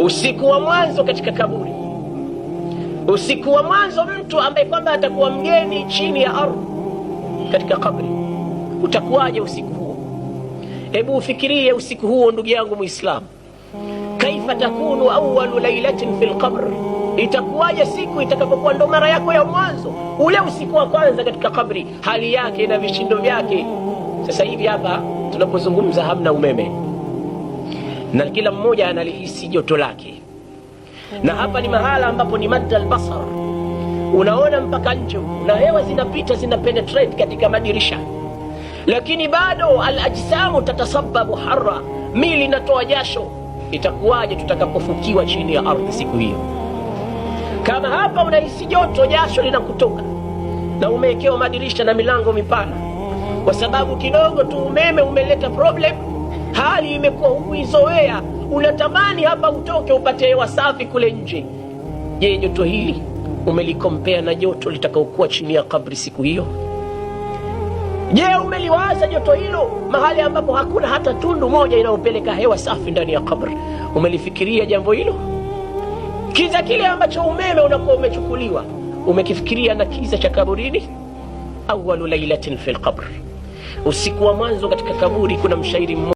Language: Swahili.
usiku wa mwanzo katika kaburi, usiku wa mwanzo mtu ambaye kwamba atakuwa mgeni chini ya ardhi katika kabri, utakuwaje usiku huo? Hebu ufikirie usiku huo, ndugu yangu Muislamu, kaifa takunu awwalu lailatin fil qabr, itakuwaje siku itakapokuwa ndo mara yako ya mwanzo, ule usiku wa kwanza katika kabri, hali yake na vishindo vyake. Sasa hivi hapa tunapozungumza hamna umeme na kila mmoja analihisi joto lake, na hapa ni mahala ambapo ni madda albasar, unaona mpaka nje na hewa zinapita zina penetrate katika madirisha, lakini bado alajsamu tatasababu harra, mili inatoa jasho. Itakuwaje tutakapofukiwa chini ya ardhi siku hiyo? Kama hapa unahisi joto, jasho linakutoka na umewekewa madirisha na milango mipana, kwa sababu kidogo tu umeme umeleta problem hali imekuwa hukuizoea, unatamani hapa utoke upate hewa safi kule nje. Je, joto hili umelikompea na joto litakaokuwa chini ya kabri siku hiyo? Je, umeliwaza joto hilo mahali ambapo hakuna hata tundu moja inayopeleka hewa safi ndani ya kabri? Umelifikiria jambo hilo? Kiza kile ambacho umeme unakuwa umechukuliwa, umekifikiria na kiza cha kaburini? Awalu lailatin fi lqabr, usiku wa mwanzo katika kaburi. Kuna mshairi mmoja.